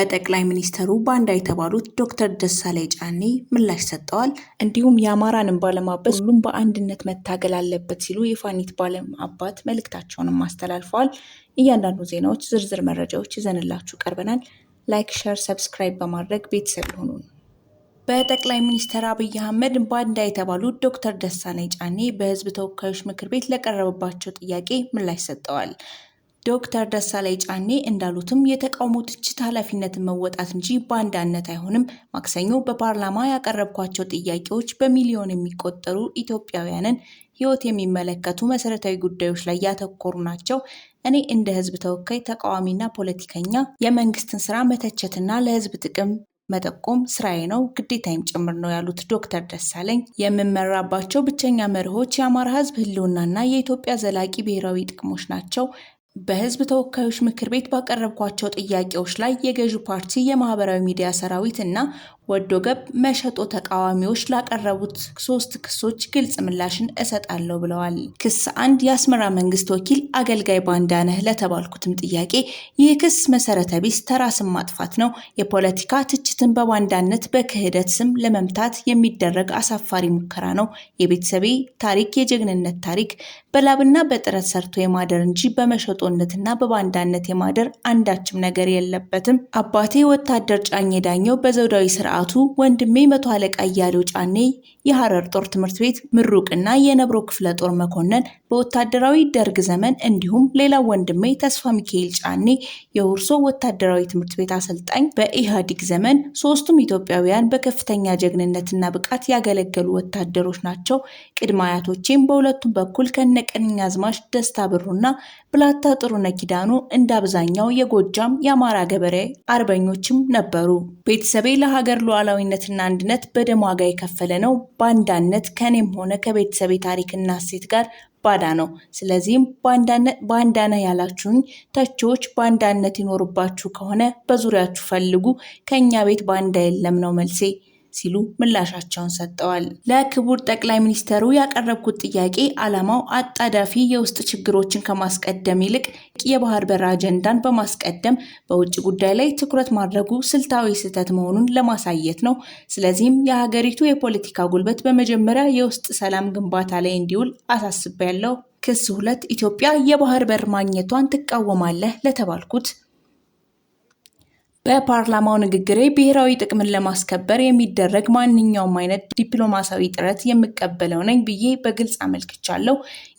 በጠቅላይ ሚኒስትሩ ባንዳ የተባሉት ዶክተር ደሳለኝ ጫኔ ምላሽ ሰጥተዋል። እንዲሁም የአማራንን ባለማበስ ሁሉም በአንድነት መታገል አለበት ሲሉ የፋኒት ባለም አባት መልእክታቸውንም አስተላልፈዋል። እያንዳንዱ ዜናዎች ዝርዝር መረጃዎች ይዘንላችሁ ቀርበናል። ላይክ፣ ሸር፣ ሰብስክራይብ በማድረግ ቤተሰብ ይሁኑ። በጠቅላይ ሚኒስትር አብይ አህመድ ባንዳ የተባሉት ዶክተር ደሳለኝ ጫኔ በህዝብ ተወካዮች ምክር ቤት ለቀረበባቸው ጥያቄ ምላሽ ሰጥተዋል። ዶክተር ደሳለኝ ጫኔ እንዳሉትም የተቃውሞ ትችት ኃላፊነትን መወጣት እንጂ በአንዳነት አይሆንም። ማክሰኞ በፓርላማ ያቀረብኳቸው ጥያቄዎች በሚሊዮን የሚቆጠሩ ኢትዮጵያውያንን ሕይወት የሚመለከቱ መሰረታዊ ጉዳዮች ላይ ያተኮሩ ናቸው። እኔ እንደ ሕዝብ ተወካይ ተቃዋሚና ፖለቲከኛ የመንግስትን ስራ መተቸትና ለሕዝብ ጥቅም መጠቆም ስራዬ ነው፣ ግዴታይም ጭምር ነው ያሉት ዶክተር ደሳለኝ የምመራባቸው ብቸኛ መርሆች የአማራ ህዝብ ህልውናና የኢትዮጵያ ዘላቂ ብሔራዊ ጥቅሞች ናቸው። በህዝብ ተወካዮች ምክር ቤት ባቀረብኳቸው ጥያቄዎች ላይ የገዢው ፓርቲ የማህበራዊ ሚዲያ ሰራዊት እና ወዶ ገብ መሸጦ ተቃዋሚዎች ላቀረቡት ሶስት ክሶች ግልጽ ምላሽን እሰጣለሁ ብለዋል። ክስ አንድ የአስመራ መንግስት ወኪል አገልጋይ ባንዳነህ ለተባልኩትም ጥያቄ ይህ ክስ መሰረተ ቢስ ተራስን ማጥፋት ነው፣ የፖለቲካ ትችትን በባንዳነት በክህደት ስም ለመምታት የሚደረግ አሳፋሪ ሙከራ ነው። የቤተሰቤ ታሪክ የጀግንነት ታሪክ በላብና በጥረት ሰርቶ የማደር እንጂ በመሸጦነትና በባንዳነት የማደር አንዳችም ነገር የለበትም። አባቴ ወታደር ጫኝ ዳኘው በዘውዳዊ ስርዓ በሰዓቱ ወንድሜ መቶ አለቃ እያሌው ጫኔ የሐረር ጦር ትምህርት ቤት ምሩቅና የነብሮ ክፍለ ጦር መኮንን በወታደራዊ ደርግ ዘመን እንዲሁም ሌላው ወንድሜ ተስፋ ሚካኤል ጫኔ የሁርሶ ወታደራዊ ትምህርት ቤት አሰልጣኝ በኢህአዲግ ዘመን ሶስቱም ኢትዮጵያውያን በከፍተኛ ጀግንነትና ብቃት ያገለገሉ ወታደሮች ናቸው። ቅድመ አያቶቼም በሁለቱም በኩል አዝማች ደስታ ብሩና ብላታ ጥሩነህ ኪዳኑ እንደ አብዛኛው የጎጃም የአማራ ገበሬ አርበኞችም ነበሩ። ቤተሰቤ ለሀገር ለሀገር ሉዓላዊነትና አንድነት በደም ዋጋ የከፈለ ነው። ባንዳነት ከኔም ሆነ ከቤተሰቤ ታሪክና እሴት ጋር ባዳ ነው። ስለዚህም ባንዳነ ያላችሁኝ ተቺዎች ባንዳነት ይኖርባችሁ ከሆነ በዙሪያችሁ ፈልጉ። ከእኛ ቤት ባንዳ የለም ነው መልሴ። ሲሉ ምላሻቸውን ሰጥተዋል። ለክቡር ጠቅላይ ሚኒስተሩ ያቀረብኩት ጥያቄ ዓላማው አጣዳፊ የውስጥ ችግሮችን ከማስቀደም ይልቅ የባህር በር አጀንዳን በማስቀደም በውጭ ጉዳይ ላይ ትኩረት ማድረጉ ስልታዊ ስህተት መሆኑን ለማሳየት ነው። ስለዚህም የሀገሪቱ የፖለቲካ ጉልበት በመጀመሪያ የውስጥ ሰላም ግንባታ ላይ እንዲውል አሳስቤያለሁ። ክስ ሁለት ኢትዮጵያ የባህር በር ማግኘቷን ትቃወማለህ ለተባልኩት በፓርላማው ንግግሬ ብሔራዊ ጥቅምን ለማስከበር የሚደረግ ማንኛውም አይነት ዲፕሎማሲያዊ ጥረት የምቀበለው ነኝ ብዬ በግልጽ አመልክቻለሁ።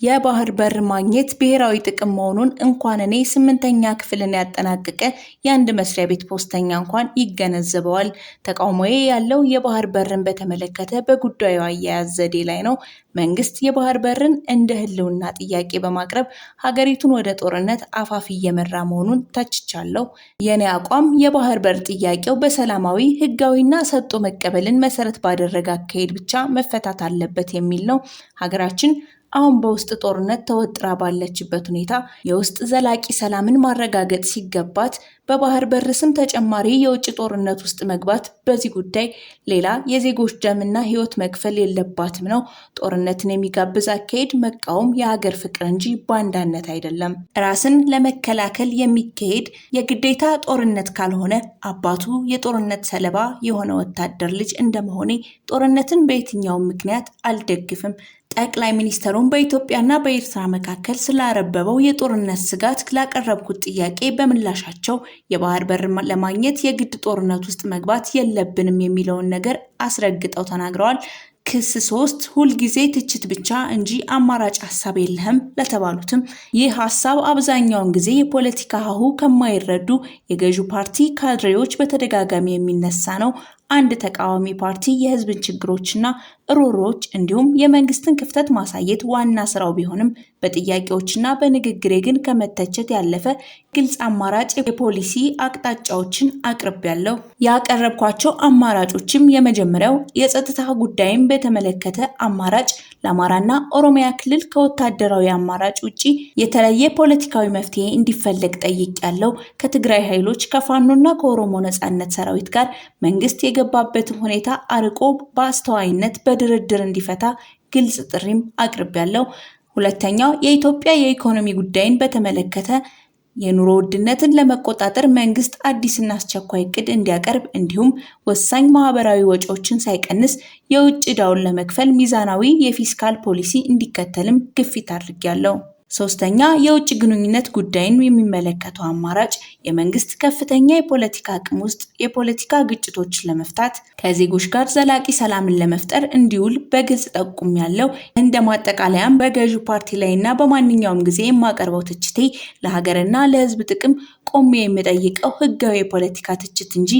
የባህር በር ማግኘት ብሔራዊ ጥቅም መሆኑን እንኳን እኔ ስምንተኛ ክፍልን ያጠናቀቀ የአንድ መስሪያ ቤት ፖስተኛ እንኳን ይገነዘበዋል። ተቃውሞዬ ያለው የባህር በርን በተመለከተ በጉዳዩ አያያዝ ዘዴ ላይ ነው። መንግስት የባህር በርን እንደ ህልውና ጥያቄ በማቅረብ ሀገሪቱን ወደ ጦርነት አፋፍ እየመራ መሆኑን ተችቻለሁ። የኔ አቋም የባህር በር ጥያቄው በሰላማዊ ህጋዊና ሰጥቶ መቀበልን መሰረት ባደረገ አካሄድ ብቻ መፈታት አለበት የሚል ነው። ሀገራችን አሁን በውስጥ ጦርነት ተወጥራ ባለችበት ሁኔታ የውስጥ ዘላቂ ሰላምን ማረጋገጥ ሲገባት በባህር በር ስም ተጨማሪ የውጭ ጦርነት ውስጥ መግባት በዚህ ጉዳይ ሌላ የዜጎች ደምና ሕይወት መክፈል የለባትም ነው። ጦርነትን የሚጋብዝ አካሄድ መቃወም የሀገር ፍቅር እንጂ ባንዳነት አይደለም። ራስን ለመከላከል የሚካሄድ የግዴታ ጦርነት ካልሆነ አባቱ የጦርነት ሰለባ የሆነ ወታደር ልጅ እንደመሆኔ ጦርነትን በየትኛውም ምክንያት አልደግፍም። ጠቅላይ ሚኒስተሩን በኢትዮጵያና በኤርትራ መካከል ስላረበበው የጦርነት ስጋት ላቀረብኩት ጥያቄ በምላሻቸው የባህር በር ለማግኘት የግድ ጦርነት ውስጥ መግባት የለብንም የሚለውን ነገር አስረግጠው ተናግረዋል። ክስ ሶስት ሁልጊዜ ትችት ብቻ እንጂ አማራጭ ሀሳብ የለህም ለተባሉትም ይህ ሀሳብ አብዛኛውን ጊዜ የፖለቲካ ሀሁ ከማይረዱ የገዢው ፓርቲ ካድሬዎች በተደጋጋሚ የሚነሳ ነው። አንድ ተቃዋሚ ፓርቲ የህዝብን ችግሮችና ሮሮዎች እንዲሁም የመንግስትን ክፍተት ማሳየት ዋና ስራው ቢሆንም በጥያቄዎችና በንግግሬ ግን ከመተቸት ያለፈ ግልጽ አማራጭ የፖሊሲ አቅጣጫዎችን አቅርቤያለሁ። ያቀረብኳቸው አማራጮችም የመጀመሪያው የጸጥታ ጉዳይን በተመለከተ አማራጭ ለአማራና ኦሮሚያ ክልል ከወታደራዊ አማራጭ ውጭ የተለየ ፖለቲካዊ መፍትሄ እንዲፈለግ ጠይቄያለሁ። ከትግራይ ኃይሎች ከፋኖና ከኦሮሞ ነጻነት ሰራዊት ጋር መንግስት የገባበትን ሁኔታ አርቆ በአስተዋይነት በድርድር እንዲፈታ ግልጽ ጥሪም አቅርቤያለሁ። ሁለተኛው የኢትዮጵያ የኢኮኖሚ ጉዳይን በተመለከተ የኑሮ ውድነትን ለመቆጣጠር መንግስት አዲስና አስቸኳይ እቅድ እንዲያቀርብ እንዲሁም ወሳኝ ማህበራዊ ወጪዎችን ሳይቀንስ የውጭ ዕዳውን ለመክፈል ሚዛናዊ የፊስካል ፖሊሲ እንዲከተልም ግፊት አድርጌያለሁ። ሶስተኛ የውጭ ግንኙነት ጉዳይን የሚመለከተው አማራጭ የመንግስት ከፍተኛ የፖለቲካ አቅም ውስጥ የፖለቲካ ግጭቶችን ለመፍታት ከዜጎች ጋር ዘላቂ ሰላምን ለመፍጠር እንዲውል በግልጽ ጠቁም ያለው እንደ ማጠቃለያም በገዢ ፓርቲ ላይ እና በማንኛውም ጊዜ የማቀርበው ትችቴ ለሀገርና ለህዝብ ጥቅም ቆሜ የሚጠይቀው ህጋዊ የፖለቲካ ትችት እንጂ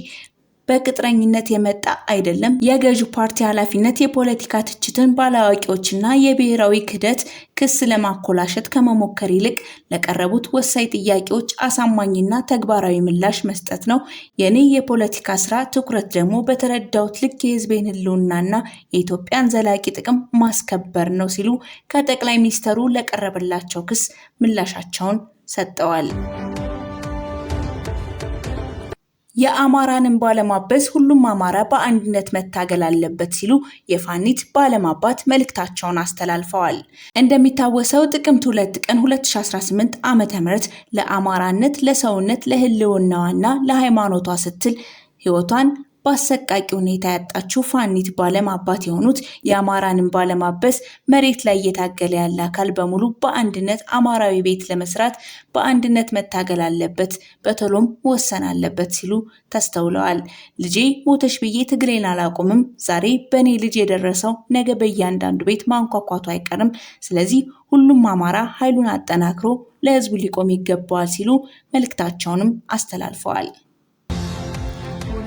በቅጥረኝነት የመጣ አይደለም። የገዢ ፓርቲ ኃላፊነት የፖለቲካ ትችትን ባለአዋቂዎችና የብሔራዊ ክህደት ክስ ለማኮላሸት ከመሞከር ይልቅ ለቀረቡት ወሳኝ ጥያቄዎች አሳማኝና ተግባራዊ ምላሽ መስጠት ነው። የኔ የፖለቲካ ስራ ትኩረት ደግሞ በተረዳሁት ልክ የህዝቤን ህልውናና የኢትዮጵያን ዘላቂ ጥቅም ማስከበር ነው ሲሉ ከጠቅላይ ሚኒስተሩ ለቀረበላቸው ክስ ምላሻቸውን ሰጠዋል። የአማራንም ባለማበስ ሁሉም አማራ በአንድነት መታገል አለበት ሲሉ የፋኒት ባለማባት መልእክታቸውን አስተላልፈዋል። እንደሚታወሰው ጥቅምት ሁለት ቀን 2018 ዓ ም ለአማራነት፣ ለሰውነት፣ ለህልውናዋና ለሃይማኖቷ ስትል ህይወቷን በአሰቃቂ ሁኔታ ያጣችው ፋኒት በዓለም አባት የሆኑት የአማራንን ባለማበስ መሬት ላይ እየታገለ ያለ አካል በሙሉ በአንድነት አማራዊ ቤት ለመስራት በአንድነት መታገል አለበት፣ በቶሎም መወሰን አለበት ሲሉ ተስተውለዋል። ልጄ ሞተሽ ብዬ ትግሌን አላቆምም። ዛሬ በእኔ ልጅ የደረሰው ነገ በእያንዳንዱ ቤት ማንኳኳቱ አይቀርም። ስለዚህ ሁሉም አማራ ኃይሉን አጠናክሮ ለህዝቡ ሊቆም ይገባዋል ሲሉ መልእክታቸውንም አስተላልፈዋል።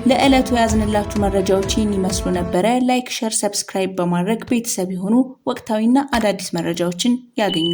ለዕለቱ ያዝንላችሁ መረጃዎች ይህን ይመስሉ ነበረ። ላይክ፣ ሸር፣ ሰብስክራይብ በማድረግ ቤተሰብ የሆኑ ወቅታዊና አዳዲስ መረጃዎችን ያገኙ።